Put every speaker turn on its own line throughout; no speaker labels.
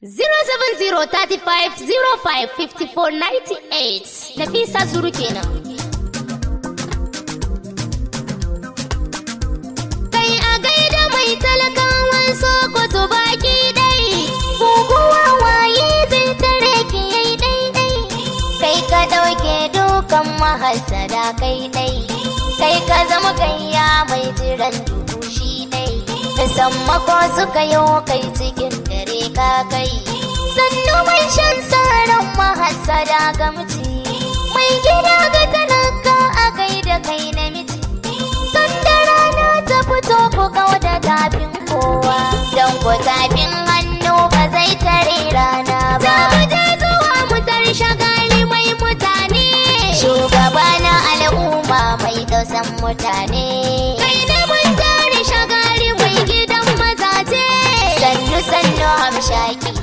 070 05 54 98 Nafisa Zuru kenan. Kai a gaida mai talakawan Sokoto baki ɗai, guguwa waye zai tare ki yai ɗai Kai ka ɗauke dukan mahasada kai ɗai, kai ka zama gayya mai jiran dubu shi Ka da sammako suka yi kai cikin miƙa sannu mai shan tsaron mahasada ga mai gida ga talaka a kai da kai namiji sanda rana ta fito ku kauda tafin kowa don ku tafin hannu ba zai tare rana ba za je zuwa mutar shagali mai mutane shugaba na al'umma mai dausan mutane kai like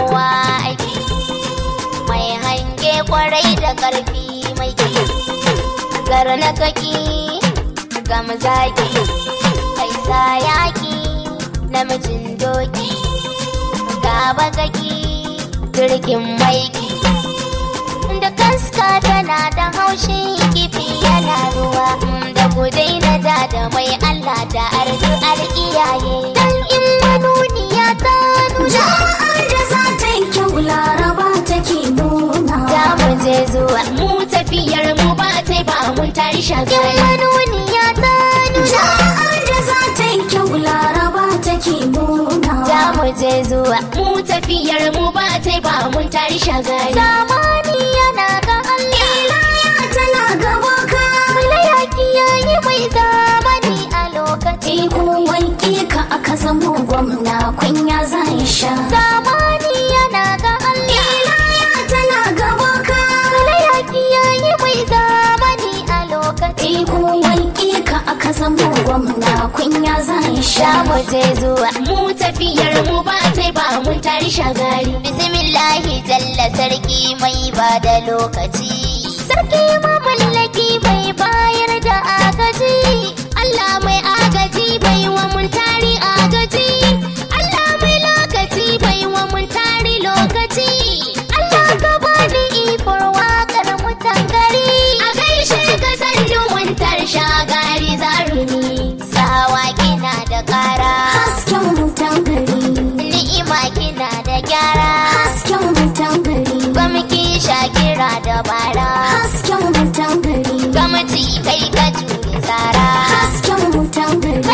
kowa aiki mai hange kwarai da ƙarfi mai ki garna kaki gamzaki kai sa yaki namijin doki gaba kaki jirgin maiki da kaska tana da haushi kifi yana ruwa mm, da gudai na da da mai allah da arzu iyaye kun tari wani ya tani Jama'ar da za ta yi kyau laraba take muna Za mu je zuwa mu tafiyar mu ba ta ba mun tari shagali Zamani yana ga Allah ya tana ga boka ya yayi mai zamani a lokaci ko wanke ka aka zama gwamna kunya zan sha za mu je zuwa mu tafiyar mu ba sai ba mun tari shagari bismillahi jalla sarki mai ba da lokaci sarki mamallaki mai bayar da agaji Allah mai agaji bai wa mun tari agaji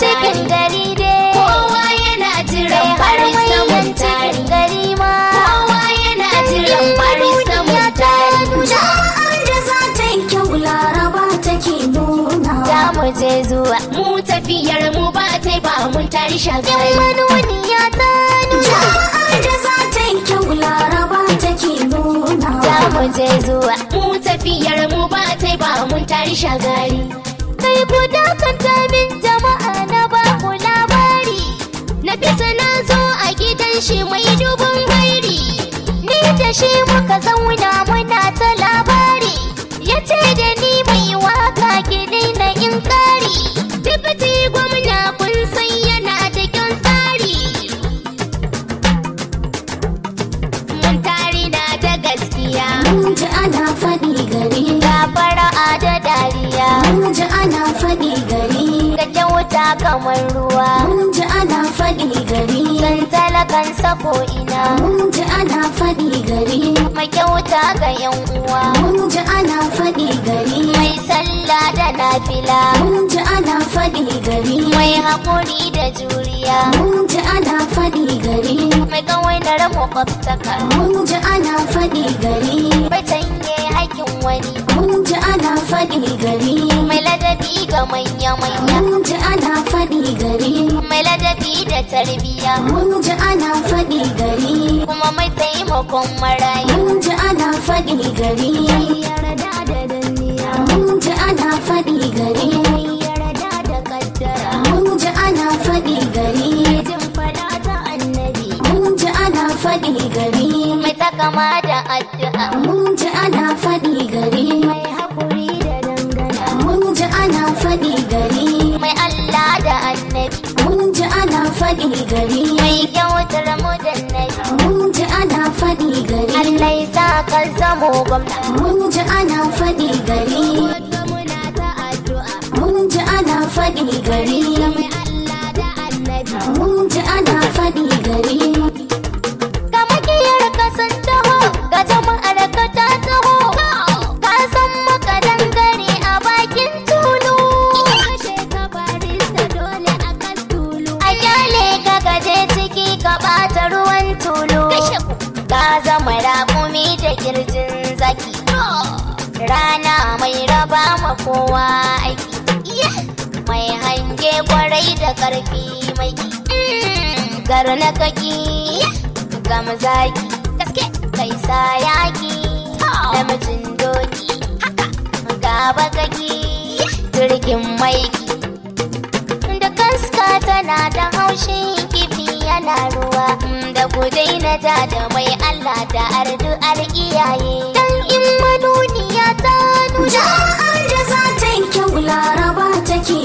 cikin gari dai kowa yana jiran farin saman tari gari ma kowa yana jiran farin saman tari jama'ar da za ta yi kyau laraba ke nuna za mu je zuwa mu tafiyar mu ba ta ba mun tari shagari manuni ya tani jama'ar da za ta yi kyau laraba ke nuna za mu je zuwa mu tafiyar mu ba ta ba mun tari shagari kai guda kan ta min shi mai dubin gairi ni da shi muka zauna muna ta labari ya ce da ni mai waka ki daina in kari dubiti gwamna kun san yana kyan tsari mun tari na ta gaskiya mun ji ana faɗi gari ga fara'a da dariya mun ji ana faɗi gari ga kyauta kamar ruwa mun ana faɗi gari san talakan ko ina mun ji ana faɗi gari makyauta ga yan uwa mun ji ana faɗi gari mai sallah da nafila mun ji ana faɗi gari mai haƙuri da juriya mun ji ana faɗi gari mai kawainar makwabtaka mun ji ana faɗi gari batanye haƙin wani mun ji ana faɗi gari mai ladabi ga manya-manya ji ana faɗi gari mai ladabi da tarbiya mun ji ana faɗi gari kuma mai taimakon marayu mun ji ana faɗi gari mun ji ana faɗi gari mun ji ana faɗi gari mun ji ana faɗi gari mai takama da addu'a mun ji ana faɗi faɗi gari mai kyautar mu mun ji ana faɗi gari Allah sa ka zamo gwamna mun ji ana faɗi gari mun ji ana faɗi gari rana mai raba ma kowa aiki mai hange kwarai da karfi mai na kaki gama zaki gaske kai sa yaki namijin doki gaba kaki jirgin maiki da kaska tana da haushin kifi yana ruwa da gudai na ja da mai allah da ardu'ar iyaye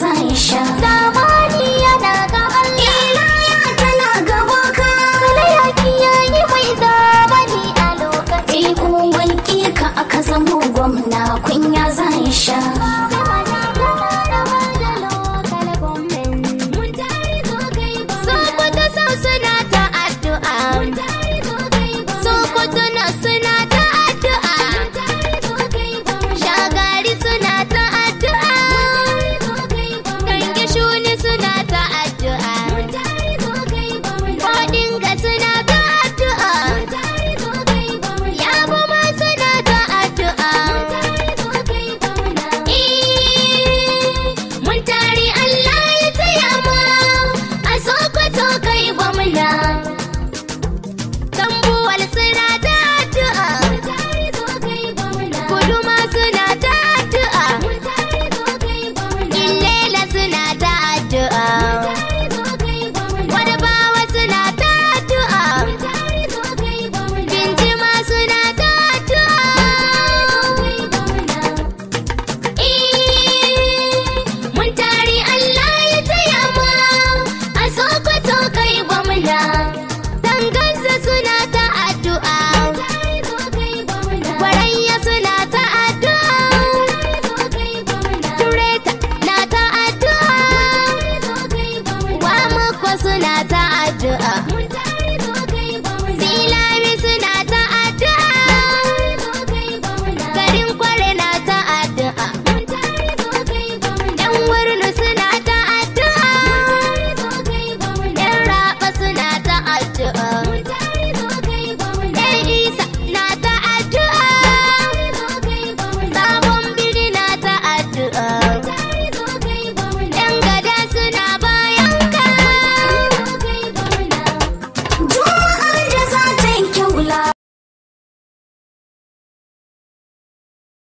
在生。I addu'a